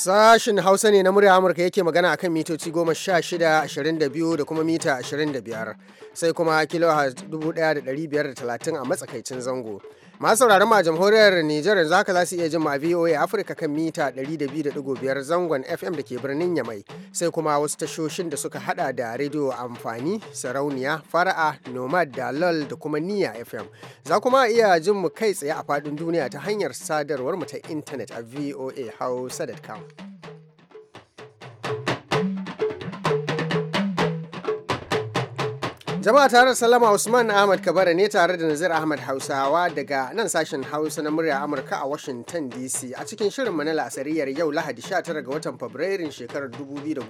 Sashin Hausa ne na murya Amurka yake magana kan mitoci 16, 22 da kuma mita 25 sai kuma kilo 1530 a matsakaicin zango. masu sauraron ma jamhuriyar Nijar yanzu haka za su iya jin ma VOA Africa kan mita 102.5 zangon FM da ke birnin Yamai sai kuma wasu tashoshin da suka hada da rediyo amfani sarauniya fara'a nomad da lol da kuma niya FM za kuma iya jin mu kai tsaye a faɗin duniya ta hanyar sadarwar mu ta intanet a voa hausa.com Jama'a tare Salama Usman Ahmad Kabara ne tare da Nazir Ahmad Hausawa daga nan sashen Hausa na murya Amurka a Washington DC a cikin shirin mu na la'asariyar yau Lahadi 19 ga watan Fabrairun shekarar 2017.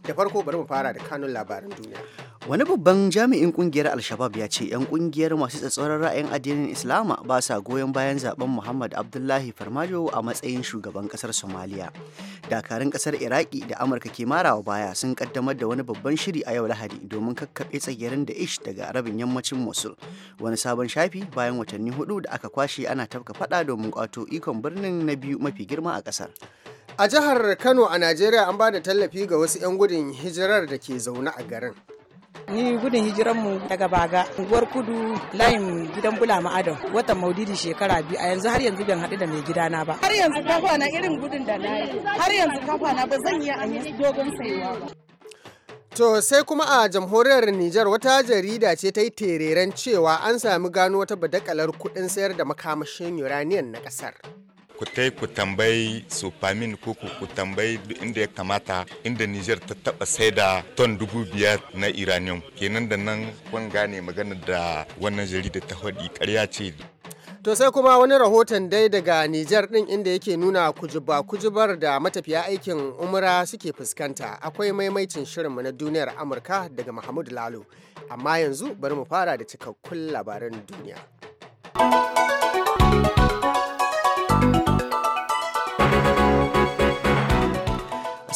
Da farko bari mu fara da kanun labaran duniya. Wani babban jami'in kungiyar Al-Shabab ya ce 'yan kungiyar masu tsatsauran ra'ayin addinin Islama ba sa goyon bayan zaben Muhammad Abdullahi Farmajo a matsayin shugaban kasar Somalia. dakarun kasar iraki da amurka ke marawa baya sun kaddamar da wani babban shiri a yau lahadi domin kakkaɓe tsagerin da ish daga rabin yammacin mosul wani sabon shafi bayan watanni hudu da aka kwashe ana tafka fada domin kwato ikon birnin na biyu mafi girma a kasar a jihar kano a najeriya an ba da tallafi ga wasu 'yan gudun hijirar da ke zaune a garin Ni gudun hijiranmu daga Baga, unguwar kudu layin gidan Bula Ma'adam, watan Maulidi shekara biyu a yanzu har yanzu ban haɗu da mai gidana ba. Har yanzu kafa na irin gudun da na yi, har yanzu kafa na ba zan iya a dogon saiwa ba. To sai kuma a jamhuriyar Nijar wata jarida ce ta yi tereren cewa an sami gano wata badakalar kuɗin sayar da makamashin uranium na ƙasar. ku tai ku tambayi sofamin ko ku tambayi inda ya kamata inda niger ta taba sai da ton dubu biyar na iranium kenan da nan kun gane magana da wannan jarida ta hadi karya ce To sai kuma wani rahoton dai daga Nijar ɗin inda yake nuna kujuba kujubar da matafiya aikin umra suke fuskanta akwai maimaicin shirinmu na duniyar Amurka daga Mahmud Lalo. Amma yanzu bari mu fara da cikakkun labaran duniya.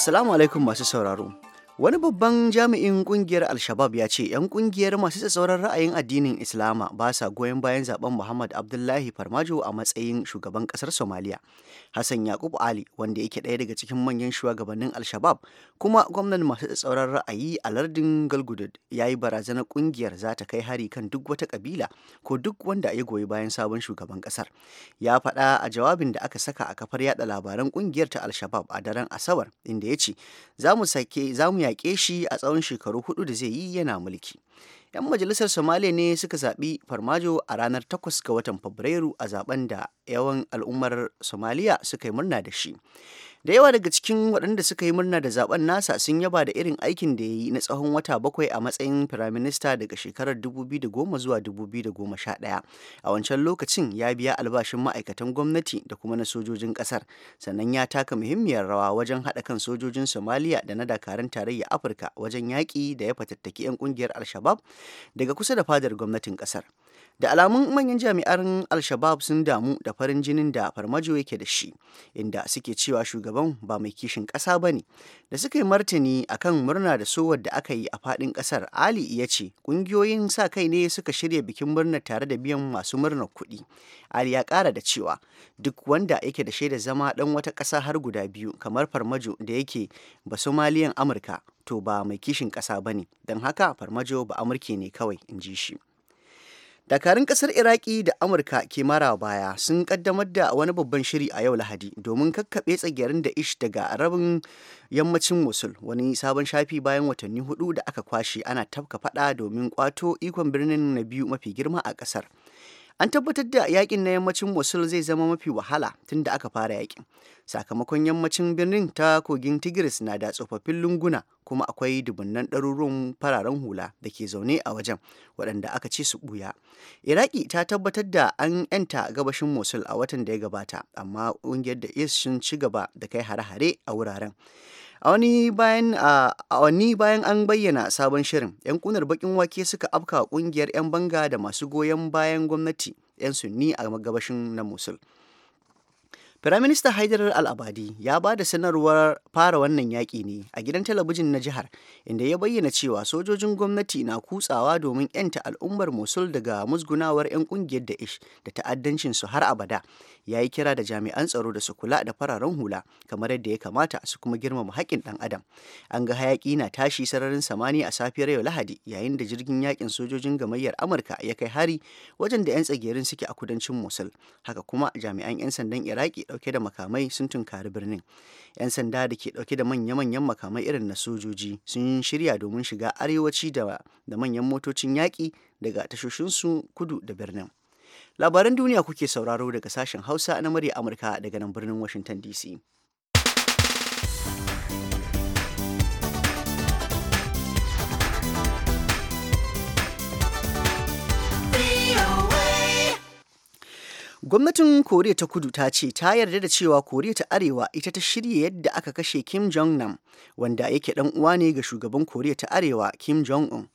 Assalamu alaikum masu sauraro. Wani babban jami'in kungiyar Al-Shabab ya ce 'yan kungiyar masu tsatsauran ra'ayin addinin Islama ba sa goyon bayan zaben Muhammad Abdullahi Farmajo a matsayin shugaban kasar Somaliya Hassan Yakub Ali wanda yake ɗaya daga cikin manyan shugabannin Al-Shabab kuma gwamnan masu tsatsauran ra'ayi a lardin Galgudud ya yi barazanar kungiyar za ta kai hari kan duk wata kabila ko duk wanda ya goyi bayan sabon shugaban kasar. Ya faɗa a jawabin da aka saka a kafar yada labaran kungiyar ta Al-Shabab a daren Asabar inda ya ce za mu sake za mu yaƙe shi a tsawon shekaru hudu da zai yi yana mulki. 'Yan majalisar Somalia ne suka zaɓi Farmajo a ranar 8 ga watan Fabrairu a zaben da yawan al'ummar somalia suka yi murna da shi. da yawa daga cikin waɗanda suka yi murna da zaben nasa sun yaba da irin aikin da ya yi na tsawon wata bakwai a matsayin firaminista daga shekarar 2010 zuwa 2011 a wancan lokacin ya biya albashin ma'aikatan gwamnati da kuma na sojojin ƙasar sannan ya taka muhimmiyar rawa wajen haɗa kan sojojin somaliya da na dakarun tarayya afirka wajen yaƙi da ya fatattaki 'yan ƙungiyar al daga kusa da fadar gwamnatin ƙasar da alamun manyan jami'an al-shabab sun damu da farin jinin da farmajo yake da shi inda suke cewa shugaban ba mai kishin ƙasa ba ne da suka yi martani kan murna da sowar da aka yi a faɗin ƙasar ali ya ce ƙungiyoyin sa kai ne suka shirya bikin murnar tare da biyan masu murnar kuɗi ali ya ƙara da cewa duk wanda yake da shaidar zama ɗan wata ƙasa har guda biyu kamar farmajo da yake ba somaliyan amurka to ba mai kishin ƙasa ba ne don haka farmajo ba amurke ne kawai in ji shi dakarun kasar iraki da amurka ke mara baya sun kaddamar da wani babban shiri a yau lahadi domin kakkaɓe tsagerin da ish daga rabin yammacin mosul wani sabon shafi bayan watanni hudu da aka kwashe ana tafka fada domin kwato ikon birnin na biyu mafi girma a kasar An tabbatar da yakin na yammacin Mosul zai zama mafi wahala tun da aka fara yakin. Sakamakon yammacin birnin ta kogin Tigris na da tsofaffin lunguna kuma akwai dubunnan ɗaruruwan fararen hula da ke zaune a wajen waɗanda aka ce su ɓuya. Iraki ta tabbatar da an yanta gabashin Mosul a watan da ya gabata, amma ƙungiyar da IS sun ci gaba da kai hare-hare a wuraren. A wani bayan an bayyana sabon shirin, 'yan kunar bakin wake suka afka ƙungiyar kungiyar 'yan banga da masu goyon bayan gwamnati 'yan Sunni a gabashin na Mosul. Firaminista Haidar Al-Abadi ya ba da sanarwar fara wannan yaƙi ne a gidan talabijin na jihar inda ya bayyana cewa sojojin gwamnati na kutsawa domin 'yanta al'ummar Mosul daga musgunawar 'yan ƙungiyar Da'ish da ta'addancin su har abada. Ya yi kira da jami'an tsaro da su kula da fararen hula kamar yadda ya kamata su kuma girmama haƙƙin ɗan adam. An ga hayaƙi na tashi sararin samani a safiyar yau Lahadi yayin da jirgin yaƙin sojojin gamayyar Amurka ya kai hari wajen da 'yan tsagerin suke a kudancin Mosul. Haka kuma jami'an 'yan sandan Iraki ɗauke da makamai sun tunkari birnin 'yan sanda da ke ɗauke da manya-manyan makamai irin na sojoji sun shirya domin shiga arewaci da manyan motocin yaƙi daga tashoshinsu kudu da birnin labaran duniya kuke sauraro daga sashen hausa na murya amurka daga nan birnin washington dc Gwamnatin Koriya ta Kudu ta ce ta yarda da cewa Koriya ta Arewa ita ta shirya yadda aka kashe Kim Jong-nam, wanda yake dan uwa ne ga shugaban Koriya ta Arewa Kim Jong-un.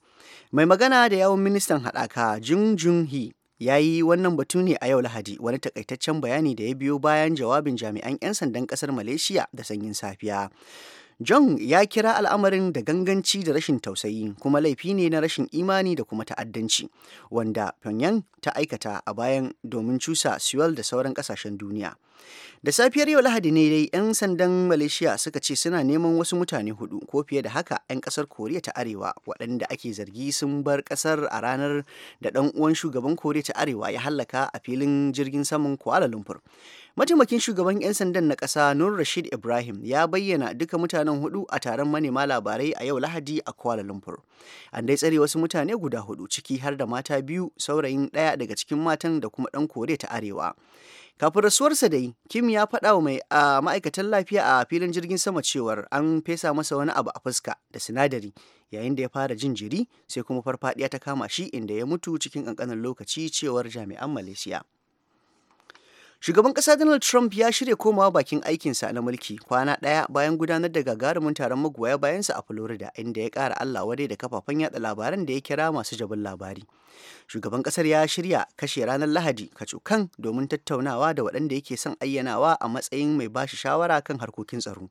Mai magana da yawon ministan haɗaka Jung Jung-hee ya yi wannan batu ne a yau lahadi wani takaitaccen bayani da ya biyo bayan jawabin jami'an 'yan sandan kasar malaysia da sanyin safiya John ya kira al'amarin da ganganci da rashin tausayi kuma laifi ne na rashin imani da kuma ta'addanci wanda Pyongyang ta aikata a bayan domin cusa Seoul da sauran kasashen duniya. Da safiyar yau Lahadi ne dai 'yan sandan Malaysia suka ce suna neman wasu mutane hudu ko fiye da haka 'yan kasar Koriya ta Arewa waɗanda ake zargi sun bar kasar a ranar da ɗan uwan shugaban Koriya ta Arewa ya hallaka a filin jirgin saman Kuala Lumpur. mataimakin shugaban 'yan sandan na ƙasa nur rashid ibrahim ya bayyana duka mutanen hudu a taron manema labarai a yau lahadi a kuala lumpur an dai tsare wasu mutane guda hudu ciki har da mata biyu saurayin ɗaya daga cikin matan da kuma ɗan kore ta arewa kafin rasuwarsa dai kim ya faɗa wa mai a ma'aikatan lafiya a filin jirgin sama cewar an fesa masa wani abu a fuska da sinadari yayin da ya fara jin jiri sai kuma farfaɗiya ta kama shi inda ya mutu cikin ƙanƙanin lokaci cewar jami'an malaysia Shugaban ƙasa Donald Trump ya shirya komawa bakin aikinsa na mulki kwana ɗaya bayan gudanar da gagarumin taron magoya bayansa a Florida inda ya ƙara Allah wadai da kafafen yada labaran da ya kira masu jabin labari. shugaban kasar ya shirya kashe ranar lahadi kacokan domin tattaunawa da waɗanda yake son ayyanawa a matsayin mai bashi shawara kan harkokin tsaro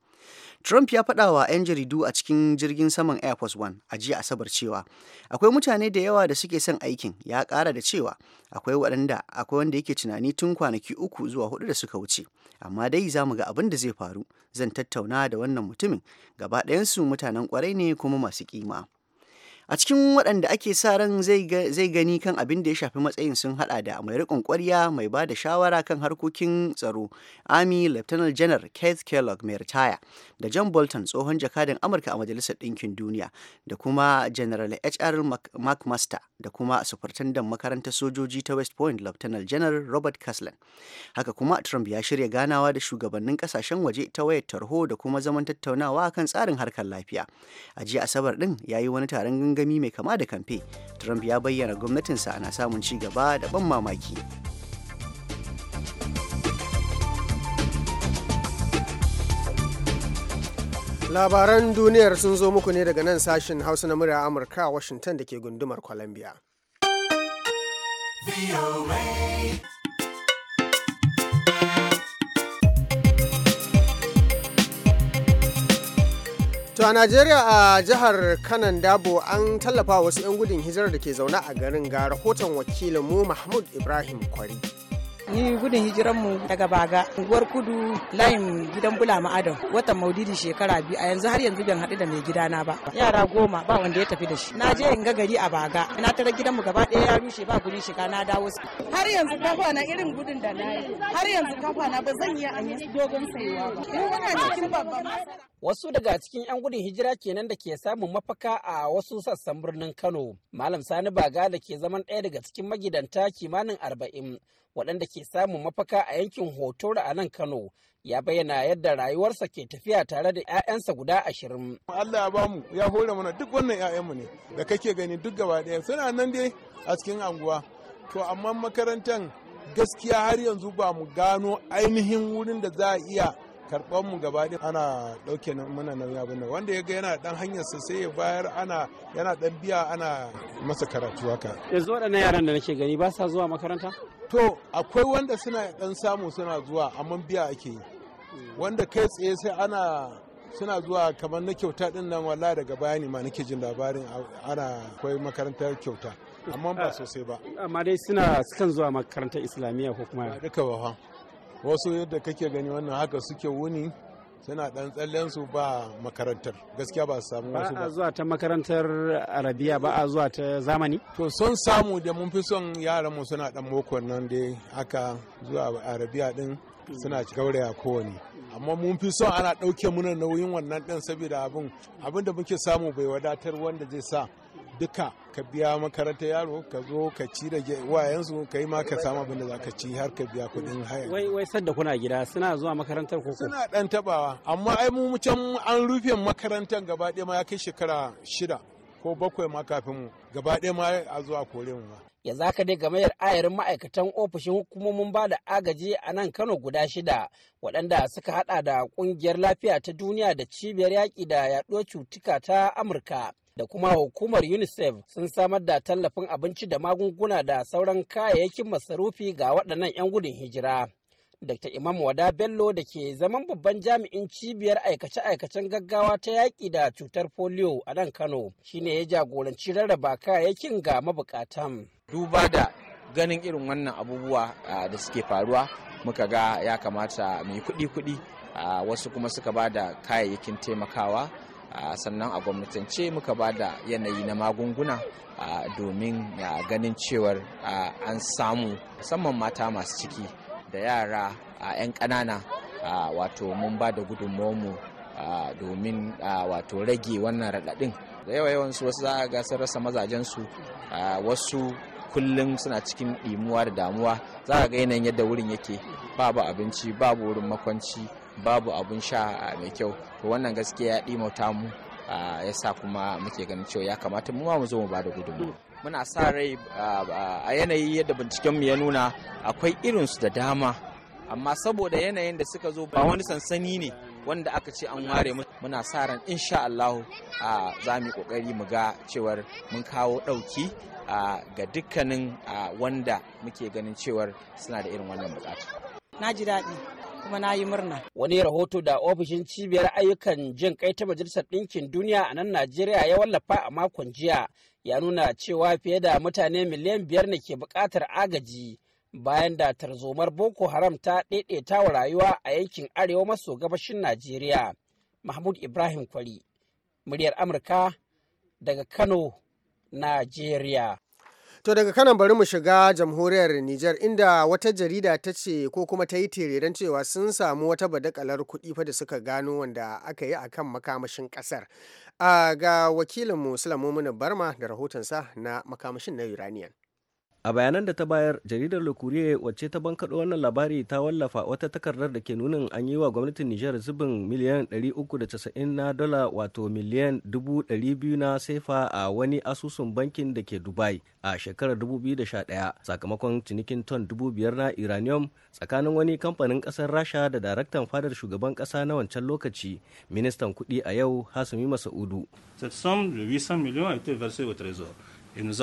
trump ya faɗa wa 'yan jaridu a cikin jirgin saman air force one a jiya asabar cewa akwai mutane da yawa da suke son aikin ya kara da cewa akwai waɗanda akwai wanda yake tunani tun kwanaki uku zuwa hudu da suka wuce amma dai za mu ga abin da zai faru zan tattauna da wannan mutumin gaba ɗayansu mutanen kwarai ne kuma masu kima a cikin waɗanda ake sa ran zai gani kan abin da ya shafi matsayin sun hada da mai riƙon ƙwarya mai ba da shawara kan harkokin tsaro army lieutenant general keith kellogg mai ritaya da john bolton tsohon jakadan amurka a majalisar ɗinkin duniya da kuma general hr mcmaster da kuma sufurtandan makarantar sojoji ta west point lieutenant general robert caslin haka kuma trump ya shirya ganawa da shugabannin ƙasashen waje ta wayar tarho da kuma zaman tattaunawa kan tsarin harkar lafiya a jiya asabar ɗin ya yi wani taron gangan gangami mai kama da kamfe trump ya bayyana gwamnatinsa ana samun ci gaba da ban mamaki labaran duniyar sun zo muku ne daga nan sashen hausa na murya amurka washington da ke gundumar columbia To a Najeriya a jihar Kanan Dabo an tallafa wasu 'yan gudun hijirar da ke zaune a garin ga rahoton wakilinmu Mahmud Ibrahim Kwari. Ni gudun hijiranmu daga Baga, unguwar kudu layin gidan Bula Ma'adam, watan Maulidi shekara biyu a yanzu har yanzu ban haɗu da mai gidana ba. Yara goma ba wanda ya tafi da shi. Na je in ga gari a Baga, na tara gidanmu gaba ɗaya ya rushe ba guri shiga na dawo su. Har yanzu kafa na irin gudun da na yi. Har yanzu kafa na ba zan yi a dogon sayuwa ba. Mu muna cikin babban Wasu daga cikin 'yan gudun hijira kenan da ke samun mafaka a wasu sassan birnin Kano. Malam Sani Baga da ke zaman ɗaya daga cikin magidanta kimanin arba'in waɗanda ke samun mafaka a yankin hotora a nan kano ya bayyana yadda rayuwarsa ke tafiya tare da 'ya'yansa guda ashirin. Allah ya bamu ya hore mana duk wannan 'ya'yanmu ne da kake gani duk gaba ɗaya suna nan dai a cikin anguwa to amma makarantar gaskiya har yanzu ba mu gano ainihin wurin da za a iya karɓar mu gaba ana ɗauke mana nauyi abin wanda ya ga yana ɗan hanyar sa sai ya bayar ana yana ɗan biya ana masa karatu haka yanzu waɗannan yaran da nake gani ba sa zuwa makaranta to akwai wanda suna ɗan samu suna zuwa amma biya ake yi wanda kai tsaye sai ana suna zuwa kamar na kyauta din nan walla daga bayani ma nake jin labarin ana akwai makarantar kyauta amma ba sosai ba amma dai suna sukan zuwa makarantar islamiyya ko kuma duka ba wasu yadda kake gani wannan haka suke wuni suna dan tsallen su ba makarantar gaskiya ba su samu wasu ba zuwa ta makarantar arabiya ba a zuwa ta zamani to sun samu da mun fi son yaran mu suna dan mokon nan dai haka zuwa arabiya din suna gauraya kowane amma mun fi son ana ɗauke muna nauyin wannan din saboda abin abin da muke samu bai wadatar wanda zai sa duka ka biya makarantar yaro ka zo ka ci da wayansu ka yi ma ka samu abin da za ka ci har ka biya kuɗin haya. Wai wai sadda kuna gida suna zuwa makarantar ko Suna ɗan tabawa amma ai mu can an rufe makarantar gaba ɗaya ma ya kai shekara shida ko bakwai ma kafin mu gaba ɗaya ma a zuwa kore mu ma. za ka dai gamayar ayarin ma'aikatan ofishin hukumomin ba da agaji a nan Kano guda shida waɗanda suka haɗa da ƙungiyar lafiya ta duniya da cibiyar yaƙi da yaɗuwar cutuka ta Amurka. da kuma hukumar unicef sun samar da tallafin abinci da magunguna da sauran kayayyakin masarufi ga waɗannan 'yan gudun hijira dr imam wada bello da ke zaman babban jami'in cibiyar aikace-aikacen gaggawa ta yaƙi da cutar polio a nan kano shine ya jagoranci rarraba kayayyakin ga mabukatan duba da ganin irin wannan abubuwa da suke faruwa muka ga ya kamata mu yi kuɗi-kuɗi wasu kuma suka ba da kayayyakin taimakawa sannan a gwamnatance muka ba da yanayi na magunguna domin ganin cewar an samu musamman mata masu ciki da yara 'yan ƙanana wato mun ba da gudunmu domin wato rage wannan raɗaɗin da yawa yawansu wasu za a ga sun rasa mazajensu wasu kullum suna cikin ɗimuwa da damuwa za a ga yanayin yadda wurin yake babu abinci babu wurin makwanci babu abun sha mai kyau to wannan gaskiya ya ɗi ɗimauta mu ya sa kuma muke ganin cewa ya kamata mu ma mu zo mu bada gudunmu muna sa rai a yanayi yadda binciken mu ya nuna akwai irinsu da dama amma saboda yanayin da suka zo ba wani sansani ne wanda aka ce an ware muna sa ran insha Allah za mu yi kokari mu ga cewar mun kawo ɗauki ga dukkanin wanda muke ganin cewar suna da irin wannan bukata na ji daɗi kuma na yi murna. Wani rahoto da ofishin cibiyar ayyukan jin kai ta Majalisar Ɗinkin Duniya a nan Najeriya ya wallafa a makon jiya ya nuna cewa fiye da mutane miliyan biyar ne ke buƙatar agaji bayan da tarzomar Boko Haram ta ɗaiɗaita wa rayuwa a yankin arewa maso gabashin Najeriya. Mahmud Ibrahim Kwari, muryar Amurka daga Kano, Najeriya. To daga kanan bari mu shiga jamhuriyar Nijar inda wata jarida ta ce ko kuma ta yi tereren cewa sun samu wata badakalar kuɗi fa da suka gano wanda aka yi akan makamashin ƙasar. A ah, ga wakilin mu Barma da rahotonsa na makamashin na Uranian. a bayanan da ta bayar jaridar lokuriye wacce ta bankaɗo wannan labari ta wallafa wata takardar da ke nunin an yi wa gwamnatin nijar zubin miliyan 390 na dola wato miliyan 200 na sefa a wani asusun bankin da ke dubai a shekarar 2011 sakamakon cinikin ton 5,000 na uranium tsakanin wani kamfanin ƙasar rasha da daraktan fadar shugaban ƙasa na wancan lokaci ministan kuɗi a yau hasumi masaudu cette somme de 800 millions a été versée au trésor et nous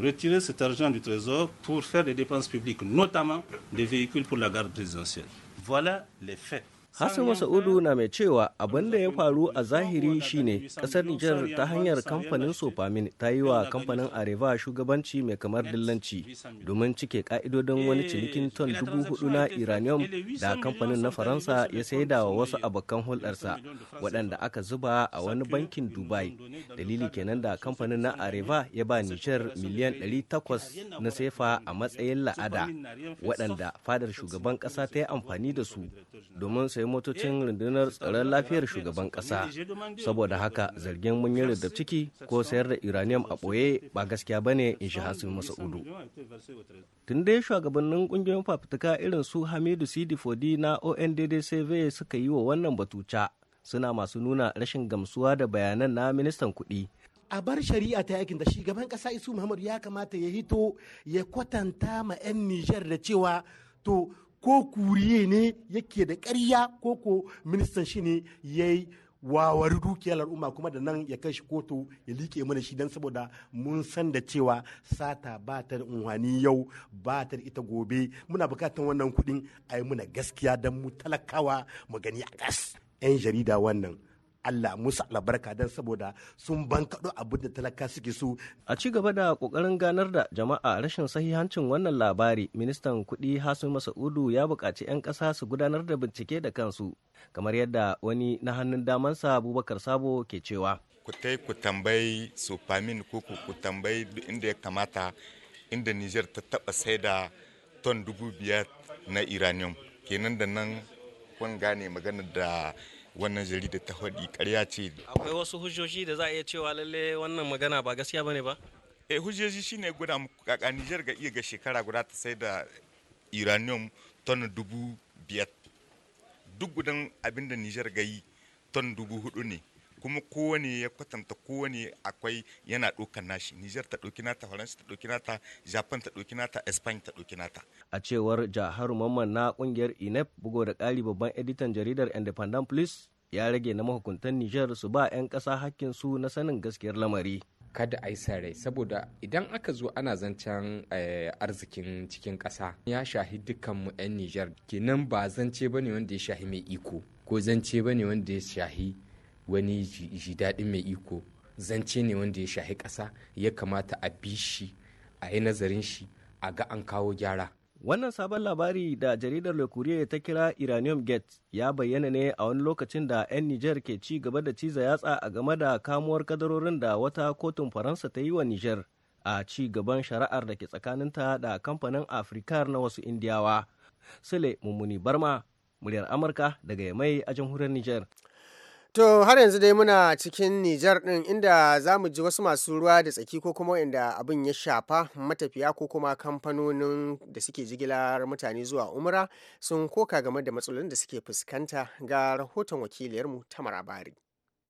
retirer cet argent du Trésor pour faire des dépenses publiques, notamment des véhicules pour la garde présidentielle. Voilà les faits. Hassan Masa'udu na mai cewa abin da ya faru a zahiri shine kasar Nijar ta hanyar kamfanin Sofamin ta yi wa kamfanin Areva shugabanci mai kamar dillanci domin cike ka'idodin wani cinikin ton dubu hudu na Iranium da kamfanin na Faransa ya saida wa wasu abokan hulɗarsa waɗanda aka zuba a wani bankin Dubai. Dalili kenan da kamfanin na Areva ya ba Nijar miliyan 800 na sefa a matsayin la'ada waɗanda fadar shugaban ƙasa ta yi amfani da su domin su sai motocin rundunar tsaron lafiyar shugaban kasa saboda haka zargin mun yi da ciki ko sayar da uranium a ɓoye ba gaskiya ba ne in shi masa udu. tun dai shugabannin kungiyoyin fafutuka irin su hamidu sidi fodi na onddcv suka yi wa wannan batuca suna masu nuna rashin gamsuwa da bayanan na ministan kuɗi a bar shari'a ta yakin da shugaban kasa isu muhammadu ya kamata ya hito ya kwatanta ma 'yan nijar da cewa to ko kuriye ne yake da karya ko ko ministan shi ne ya yi wawari dukiyar al'umma kuma da nan ya kai shi kotu ya liƙe mana shi don saboda mun san da cewa sata ba ta da yau ba ta da ita gobe muna bukatar wannan kuɗin a yi muna gaskiya don mu talakawa mu gani a ƙas 'yan jarida wannan Allah musu albarka dan saboda sun bankaɗo abin da talaka suke so. A ci gaba da ƙoƙarin ganar da jama'a rashin sahihancin wannan labari, ministan kuɗi Hasu Masa'udu ya buƙaci 'yan ƙasa su gudanar da bincike da kansu, kamar yadda wani na hannun sa Abubakar Sabo ke cewa. Ku tai ku tambayi Sofamin ko ku tambayi duk inda ya kamata inda Nijar ta taɓa saida ton dubu biyar na Iranium. Kenan da nan kun gane maganar da wannan jarida ta faɗi ƙarya ce akwai wasu hujjoji da za a iya cewa lalle wannan magana ba gaskiya bane ba eh hujjoji shine guda kaka Niger ga iya ga shekara guda ta sai da uranium ton dubu biyar duk gudan abin da Niger ga yi ton dubu hudu ne kuma kowane ya kwatanta kowane akwai yana ɗaukan nashi Nijar ta ɗauki nata Faransa ta ɗauki nata Japan ta ɗauki nata Spain ta ɗauki nata a cewar Jaharu Mamman na kungiyar INEP bugo da ƙari babban editan jaridar Independent Police ya rage na mahukuntan Nijar su ba 'yan ƙasa hakkin su na sanin gaskiyar lamari kada a yi rai saboda idan aka zo ana zancen eh, arzikin cikin ƙasa ya shahi dukkanmu 'yan Nijar kenan ba zance bane wanda ya shahi mai iko ko zance bane wanda ya shahi wani ji daɗin mai iko zance ne wanda ya shahi ƙasa ya kamata a bi shi a yi nazarin shi a ga an kawo gyara Wannan sabon labari da jaridar Le ta kira Iranium Gate ya bayyana ne a wani lokacin da 'yan Nijar ke ci gaba da ciza yatsa a game da kamuwar kadarorin da wata kotun Faransa ta yi wa Nijar a ci gaban shari'ar da ke tsakaninta da kamfanin Afrikar na wasu Indiyawa. Sule Mummuni Barma, muryar Amurka daga Yamai a jamhuriyar Nijar. To har yanzu dai muna cikin Nijar ɗin inda za mu ji wasu masu ruwa da tsaki ko kuma inda abin ya shafa matafiya ko kuma kamfanonin da suke jigilar mutane zuwa umra sun koka game da matsalolin da suke fuskanta ga rahoton wakiliyarmu ta marabari.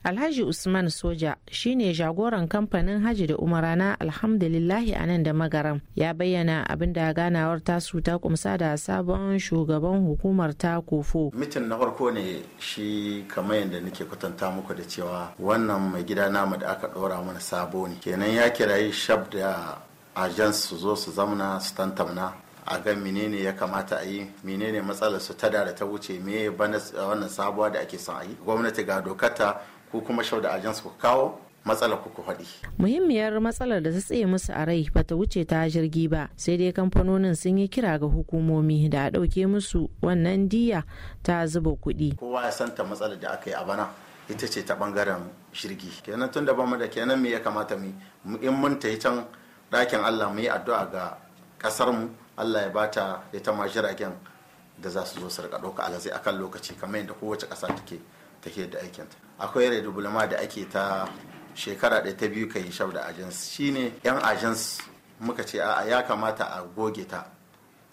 Alhaji Usman Soja shine jagoran kamfanin Haji da Umara na Alhamdulillahi a nan da magaram ya bayyana abin da ganawar tasu ta kumsa da sabon shugaban hukumar ta kofo. Mitin na farko ne shi kamar yadda nake kwatanta muku da cewa wannan mai gida namu da aka ɗora mana sabo ne. Kenan ya kirayi shab da ajans su zo su zamna su tantamna a ga menene ya kamata a yi menene matsalar su ta da ta wuce me wannan sabuwa da ake son a yi gwamnati ga dokata ko kuma shau da ajiyar su kawo matsala kuku haɗi. Muhimmiyar matsalar da ta tsaye musu a rai ba ta wuce ta jirgi ba sai dai kamfanonin sun yi kira ga hukumomi da a ɗauke musu wannan diya ta zuba kuɗi. Kowa ya santa matsalar da aka yi a bana ita ce ta ɓangaren shirgi. Kenan tun da bamu da kenan me ya kamata mu in mun ta can ɗakin Allah mu yi addu'a ga ƙasar mu Allah ya bata ita ma jiragen da za su zo su riƙa ɗauka alhazai akan lokaci kamar yadda kowace ƙasa take. take da aikinta akwai redubulama da ake ta shekara ɗaya ta biyu kai shaf da agents shine yan agents muka ce a ya kamata a goge ta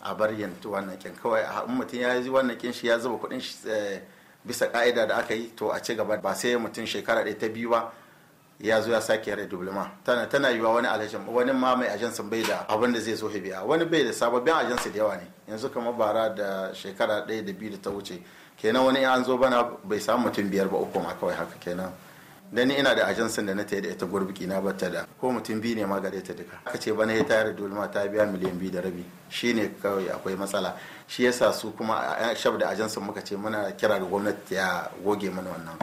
a bar yanzu wannan kin kawai a mutum ya yi wannan kin shi ya zuba kuɗin shi eh, bisa ka'ida da aka yi to a ci gaba ba sai mutum shekara ɗaya ta biyu ba ya zo ya sake yare dublima tana tana yiwa wani alhajin wani ma mai ajansin bai da abin da zai zo hibiya wani bai da sababbin ajansi da yawa ne yanzu kamar bara da shekara ɗaya da biyu da ta wuce kenan wani an zo bana bai samu mutum biyar ba uku ma kawai haka kenan da ni ina da ajansin da na tayi da ita gurbiki na batta da ko mutum biyu ne ma gare ta duka aka ce bana ya tayar da ta biya miliyan biyu da rabi shi ne kawai akwai matsala shi yasa su kuma shab da ajansin muka ce muna kira da gwamnati ya goge mana wannan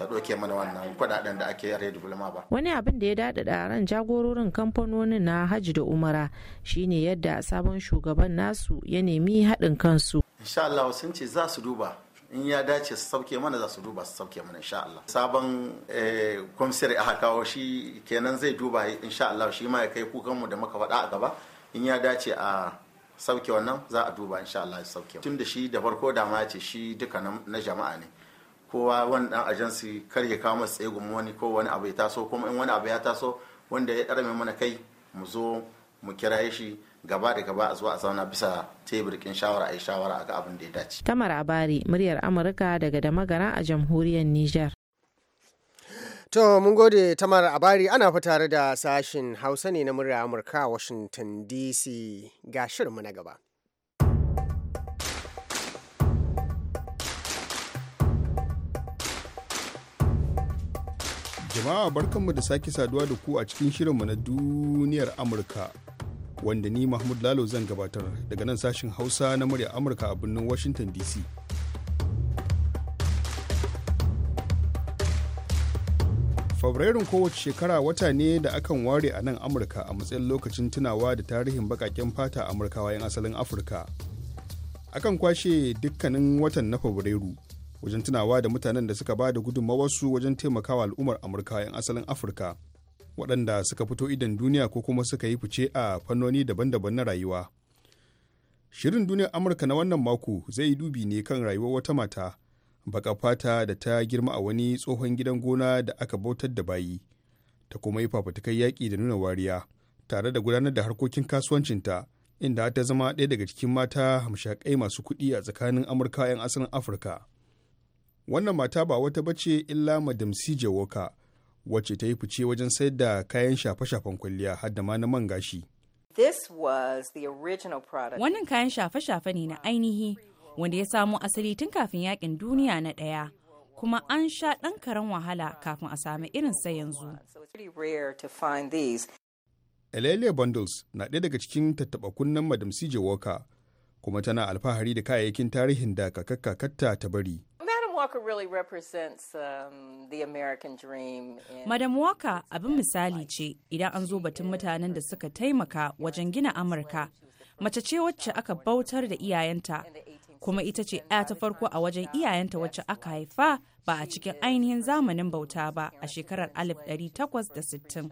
ta ɗauke mana wannan kuɗaɗen da ake yare diploma ba. Wani abin da ya daɗaɗa ran jagororin kamfanonin na Hajji da Umara shine yadda sabon shugaban nasu ya nemi haɗin kansu. Insha Allah sun ce za su duba in ya dace su sauke mana za su duba su sauke mana insha Allah sabon eh, kwamsir aka kawo shi kenan zai duba insha Allah shi ma ya kai kukanmu da muka faɗa a gaba in ya dace a sauke wannan za a duba insha Allah ya sauke tun da shi da farko dama ce shi duka na jama'a ne kowa wani dan ajansi kar ya kawo masa tsegun wani ko wani abu ya taso kuma in wani abu ya taso wanda ya ɗarme mana kai mu zo mu kira shi gaba da gaba a zuwa a zauna bisa teburkin shawara a yi shawara a ga abin da ya dace. Tamar Abari, muryar Amurka daga Damagara a jamhuriyar Nijar. To mun gode Tamar Abari ana tare da sashin Hausa ne na murya Amurka Washington DC ga shirinmu na gaba. Jama'a barkanmu da sake saduwa da ku a cikin shirinmu na duniyar Amurka wanda ni Mahmud Lalo zan gabatar daga nan sashin Hausa na murya Amurka a birnin Washington DC. Fabrairun kowace shekara wata ne da akan ware a nan Amurka a matsayin lokacin tunawa da tarihin bakaken fata Amurkawa 'yan asalin Afirka. Akan kwashe dukkanin watan na Fabrairu. wajen tunawa da mutanen da suka ba da gudunmawarsu wajen taimakawa al'ummar amurka 'yan asalin afirka waɗanda suka fito idan duniya ko kuma suka yi fice a fannoni daban-daban na rayuwa shirin duniya amurka na wannan mako zai yi dubi ne kan rayuwar wata mata baka fata da ta girma a wani tsohon gidan gona da aka bautar da bayi ta kuma yi fafatakai yaƙi da nuna wariya tare da gudanar da harkokin kasuwancinta inda ta zama ɗaya daga cikin mata hamshakai masu kuɗi a tsakanin amurka 'yan asalin afirka wannan mata ba wata bace illa madam cj walker wacce ta yi fice wajen sayar da kayan shafe-shafen kwalliya har da ma na man gashi wannan kayan shafe-shafe ne na ainihi wanda ya samo asali tun kafin yakin duniya na ɗaya kuma an sha ɗan karen wahala kafin a sami irin sai yanzu. Elele Bundles na ɗaya daga cikin tattaɓa kunnen Madam CJ Walker kuma tana alfahari da kayayyakin tarihin da kakakkakarta ta bari. Walker really represents um, the American dream. Madam Walker abin misali ce idan an zo batun mutanen da suka taimaka wajen gina Amurka. Mace ce wacce aka bautar da iyayenta, kuma ita ce 'ya ta farko a wajen iyayenta wacce aka haifa ba a cikin ainihin zamanin bauta ba a shekarar 1860.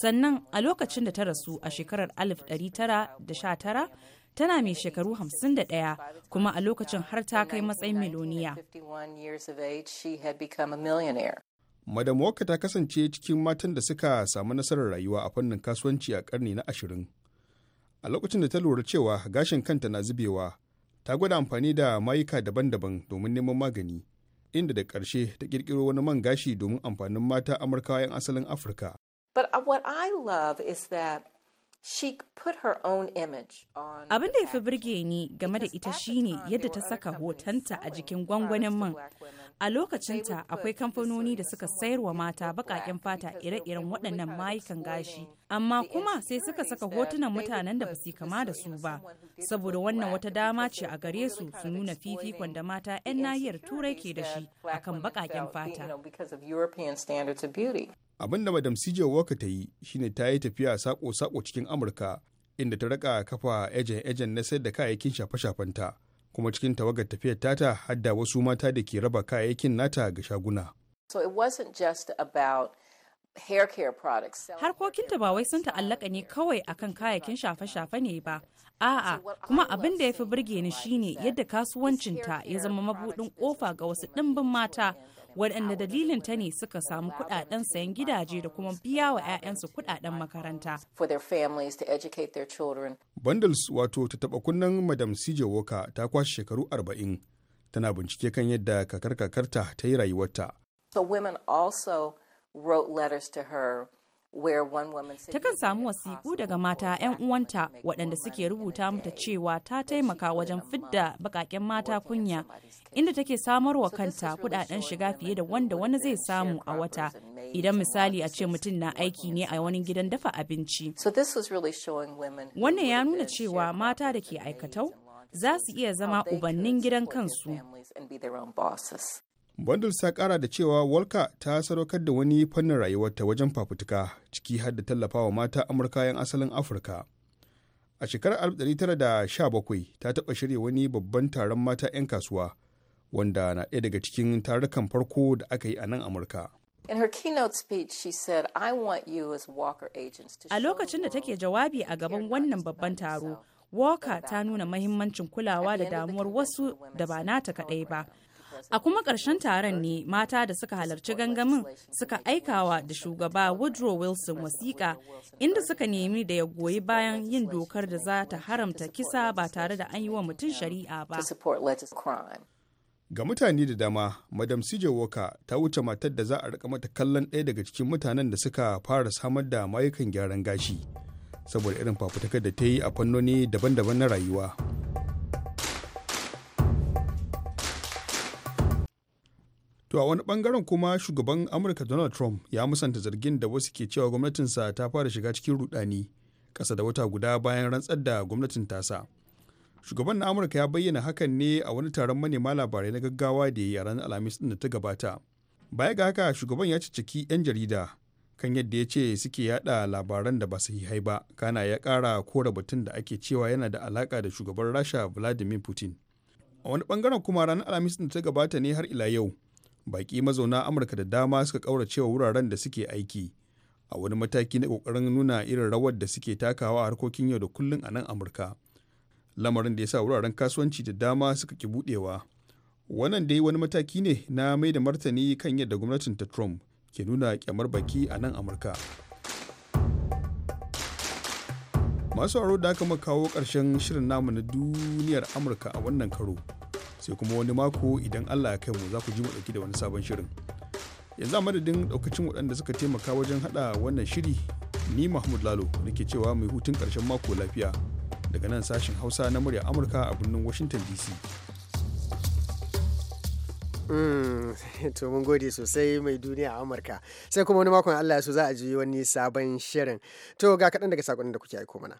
Sannan a lokacin da ta rasu a shekarar 1919 tana mai shekaru 51 kuma a lokacin har ta kai matsayin miloniya. Madam Walker ta kasance cikin matan da suka samu nasarar rayuwa a fannin kasuwanci a karni na ashirin. A lokacin da ta lura cewa gashin kanta na zubewa, ta gwada amfani da mayuka daban-daban domin neman magani, inda da ƙarshe ta ƙirƙiro wani man gashi domin amfanin mata Amurkawa 'yan asalin Afirka. But uh, what I love is Abin da ya fi birge ni game da ita shine yadda ta saka hotonta a jikin gwangwanin man. A lokacinta akwai kamfanoni da suka sayarwa mata baƙaƙen fata ire-iren waɗannan mayukan gashi amma kuma sai suka saka hotunan mutanen da ba su kama da su ba saboda wannan wata dama ce a gare su su nuna fifikon da mata 'yan nahiyar turai ke da shi akan baƙaƙen fata abin da madam cj walker ta yi shine ta yi tafiya sako-sako cikin amurka inda ta raka kafa ejen-ejen na sayar da kayayyakin shafe-shafenta kuma cikin tawagar tafiyar tata hadda wasu mata da ke raba kayayyakin nata ga shaguna so it wasn't about Harkokinta ba wai sun ta'allaka ne kawai akan kayayyakin shafe-shafe ne ba. A'a, kuma abin da ya burge ni shine yadda kasuwancinta ya zama mabudin kofa ga wasu ɗimbin mata waɗanda dalilin ta ne suka samu kuɗaɗen sayan gidaje da kuma biya wa 'ya'yansu kuɗaɗen makaranta. Bundles wato ta taɓa kunnen Madam CJ Walker ta kwashe shekaru arba'in tana bincike kan yadda kakar kakarta ta yi rayuwarta. So women also ta to Takan samu wasiƙu daga mata 'yan uwanta waɗanda suke rubuta mata cewa ta taimaka wajen fidda baƙaƙen mata kunya, inda take samarwa kanta kudaden shiga fiye da wanda wani zai samu a wata, idan misali a ce mutum na aiki ne a wani gidan dafa abinci. Wannan ya nuna cewa mata da ke aikatau za su iya zama ubannin gidan kansu. Bundles ta kara da cewa walka ta sadaukar da wani fannin rayuwarta wajen fafutuka ciki har da tallafawa mata Amurka 'yan asalin Afirka. A shekarar 1917 ta taɓa shirya wani babban taron mata 'yan kasuwa wanda na ɗaya daga cikin tarukan farko da aka yi a nan Amurka. A lokacin da take jawabi a gaban wannan babban taro, Walker ta nuna mahimmancin kulawa da damuwar wasu da ba nata kaɗai ba. A kuma ƙarshen taron ne mata da suka halarci gangamin suka aikawa da shugaba Woodrow Wilson wasiƙa inda suka nemi da ya goyi bayan yin dokar da za ta haramta kisa ba tare da an yi wa mutum shari'a ba. Ga mutane da dama, Madam CJ Walker ta wuce matar da za a rika mata kallon ɗaya daga cikin mutanen da suka fara samar da mayukan gyaran gashi, saboda irin fafutukar da ta yi a fannoni daban-daban na rayuwa. To a wani bangaren kuma shugaban Amurka Donald Trump ya musanta zargin da wasu ke cewa gwamnatinsa ta fara shiga cikin rudani kasa da wata guda bayan rantsar da gwamnatin tasa. Shugaban na Amurka ya bayyana hakan ne a wani taron manema labarai na gaggawa da ya ranar Alhamis din da ta gabata. Baya ga haka shugaban ya cicciki 'yan jarida kan yadda ya ce suke yada labaran da ba su yi ba kana ya kara kora batun da ake cewa yana da alaka da shugaban rasha vladimir putin a wani bangaren kuma ranar alhamis da ta gabata ne har ila yau baƙi mazauna amurka da dama suka ƙauracewa wuraren da suke aiki a wani mataki na ƙoƙarin nuna irin rawar da suke takawa a harkokin yau da kullun a nan amurka lamarin da ya sa wuraren kasuwanci da dama suka ki buɗewa wannan dai wani mataki ne na mai da martani kan yadda gwamnatin ta trump ke nuna kyamar baki a nan amurka masu aro da aka kawo ƙarshen shirin namu na duniyar amurka a wannan karo sai kuma wani mako idan allah ya kai mu za ku ji mu dauki da wani sabon shirin yanzu a madadin daukacin waɗanda suka taimaka wajen hada wannan shiri ni mahmud lalo nake cewa mai hutun karshen mako lafiya daga nan sashen hausa na murya amurka a birnin washington dc hmm, to mun gode sosai mai duniya a amurka sai kuma wani makon allah ya so za a ji wani sabon shirin to ga kaɗan daga sakonin da kuke aiko mana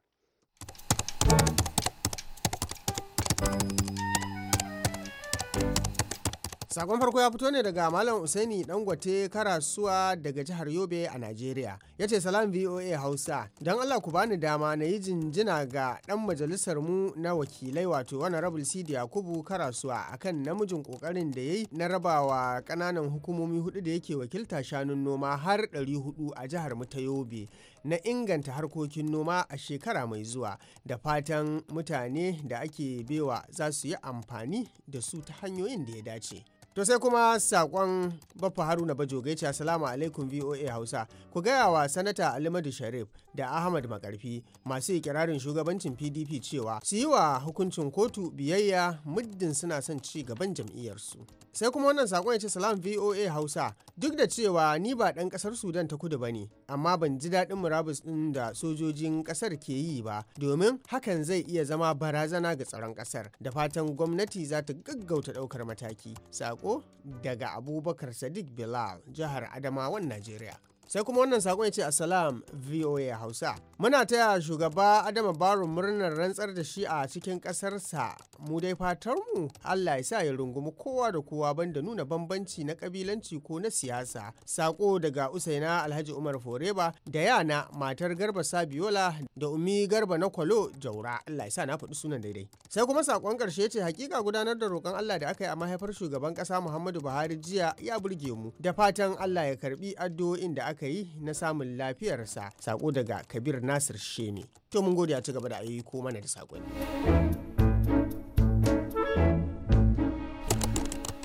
Sakon farko ya fito ne daga Malam Usaini Dangote Karasuwa daga jihar Yobe a Najeriya. Ya ce salam VOA Hausa, don Allah ku bani dama na yi jinjina ga ɗan majalisar mu na wakilai wato rabul Sidi Yakubu Karasuwa akan namijin kokarin da ya yi na rabawa kananan hukumomi hudu da yake wakilta shanun noma har 400 a jihar mu ta Yobe. na inganta harkokin noma a shekara mai zuwa da fatan mutane da ake bewa za su yi amfani da su ta hanyoyin da ya dace. To sai kuma sakon Baffa Haruna Bajoge ce Assalamu alaikum VOA Hausa. Ku gaya wa Sanata Alimadu Sharif da Ahmad Makarfi masu ikirarin shugabancin PDP cewa su yi wa hukuncin kotu biyayya muddin suna son ci gaban jam'iyyarsu. Sai kuma wannan saƙon ya ce salam VOA Hausa duk da cewa ni ba ɗan ƙasar Sudan ta kudu ba ne amma ban ji daɗin murabus ɗin da sojojin ƙasar ke yi ba domin hakan zai iya zama barazana ga tsaron ƙasar da fatan gwamnati za ta gaggauta ɗaukar mataki. Saƙo daga Abubakar Sadiq Bilal jihar Adamawan Najeriya. sai kuma wannan sakon ya ce assalam voa hausa muna taya shugaba adama baro murnar rantsar da shi a cikin ƙasarsa mu dai fatarmu allah ya sa ya rungumi kowa da kowa banda nuna bambanci na kabilanci ko na siyasa sako daga usaina alhaji umar foreba da yana matar garba sabiola da umi garba na kwalo jaura allah ya sa na faɗi sunan daidai sai kuma sakon ƙarshe ce hakika gudanar da roƙon allah da aka yi a mahaifar shugaban ƙasa muhammadu buhari jiya ya burge mu da fatan allah ya karbi addu'o'in da aka aka yi na samun lafiyarsa sako daga kabir nasir shemi to mun gode a ci gaba da ayi ko mana da sakonni.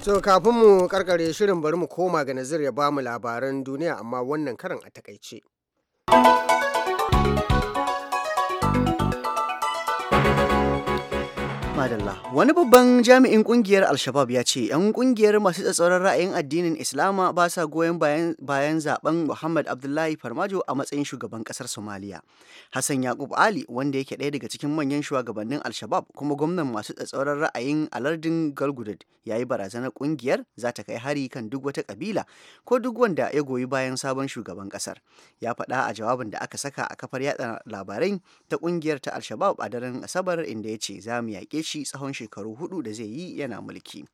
To kafin mu karkare shirin bari mu koma ga nazir ya bamu labaran duniya amma wannan karan a takaice. madalla wani babban jami'in kungiyar al shabaab ya ce 'yan kungiyar masu tsatsauran ra'ayin addinin islama ba sa goyon bayan zaben muhammad abdullahi farmajo a matsayin shugaban kasar somaliya hassan yakub ali wanda yake ɗaya daga cikin manyan shugabannin al shabaab kuma gwamnan masu tsatsauran ra'ayin alardin galgudud ya yi barazanar kungiyar za ta kai hari kan duk wata kabila ko duk wanda ya goyi bayan sabon shugaban kasar ya faɗa a jawabin da aka saka a kafar yatsa labarai ta kungiyar ta al shabaab a daren asabar inda ya ce za mu yaƙe shi shi tsawon shekaru hudu da zai yi yana mulki.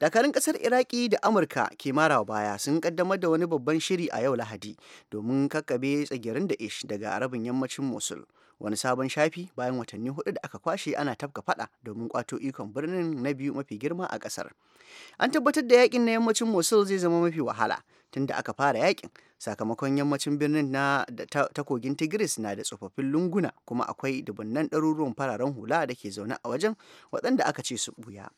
dakarun kasar iraki da amurka ke mara baya sun kaddamar da wani babban shiri a yau lahadi domin kakkabe tsagirin da ish daga arabin yammacin mosul wani sabon shafi bayan watanni hudu da aka kwashe ana tafka fada domin kwato ikon birnin na biyu mafi girma a kasar an tabbatar da yakin na yammacin mosul zai zama mafi wahala tun da aka fara yakin sakamakon yammacin birnin na ta kogin tigris na da tsofaffin lunguna kuma akwai dubunnan ɗaruruwan fararen hula da ke zaune a wajen waɗanda aka ce su buya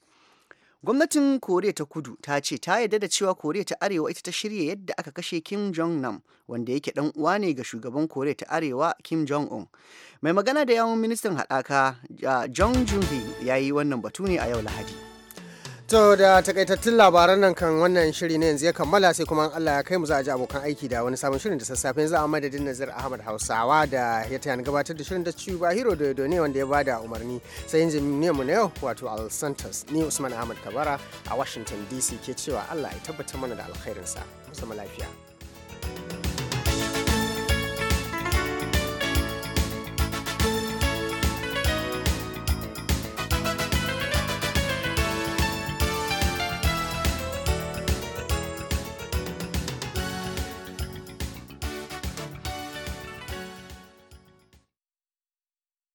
gwamnatin koriya ta kudu ta ce ta yarda da cewa koriya ta arewa ita ta shirya yadda aka kashe kim jong nam wanda yake dan uwa ne ga shugaban koriya ta arewa kim jong un mai magana da yawon ministan haɗaka jong hee ya yi wannan batu ne a yau lahadi To da takaitattun labaran nan kan wannan shiri ne yanzu ya kammala sai kuma Allah ya kai mu za a ji abokan aiki da wani sabon shirin da sassafe za a madadin Nazir Ahmad Hausawa da ya tayar gabatar da shirin da ci ba hero da ne wanda ya bada umarni sai injin ne mu na yau wato Al Santos ni Usman Ahmad Kabara a Washington DC ke cewa Allah ya tabbatar mana da alkhairinsa musamman lafiya.